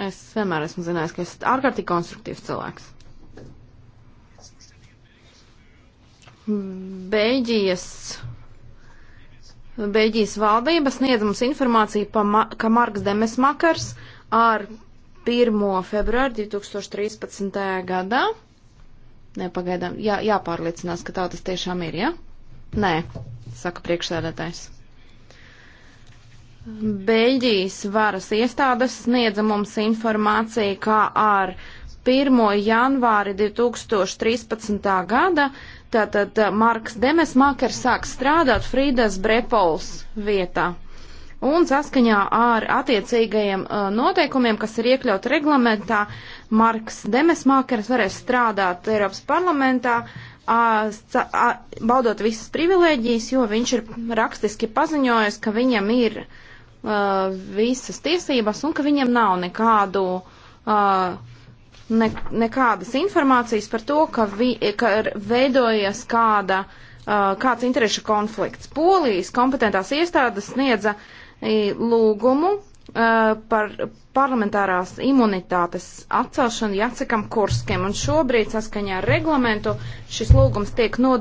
Es vienmēr esmu zinājis, ka esat ārkārtīgi konstruktīvs cilvēks. Beļģijas, Beļģijas valdība sniedz mums informāciju, pa, ka Marks Demesmakars ar 1. februāru 2013. gadā, ne pagaidām, jā, jāpārliecinās, ka tā tas tiešām ir, ja? Nē, saka priekšsēdētājs. Beļģijas varas iestādes sniedza mums informāciju, kā ar 1. janvāri 2013. gada tātad eh, Marks Demesmakers sāk strādāt Frīdas Brepols vietā. Un saskaņā ar attiecīgajiem eh, noteikumiem, kas ir iekļauti reglamentā, Marks Demesmakers varēs strādāt Eiropas parlamentā, baudot visas privilēģijas, jo viņš ir rakstiski paziņojis, ka viņam ir uh, uh, visas tiesības un ka viņiem nav nekādu, uh, ne, nekādas informācijas par to, ka, vi, ka veidojas kāda, uh, kāds interešu konflikts. Polijas kompetentās iestādes sniedza lūgumu uh, par parlamentārās imunitātes atcelšanu Jacekam Kurskim, un šobrīd saskaņā ar reglamentu šis lūgums tiek nodots.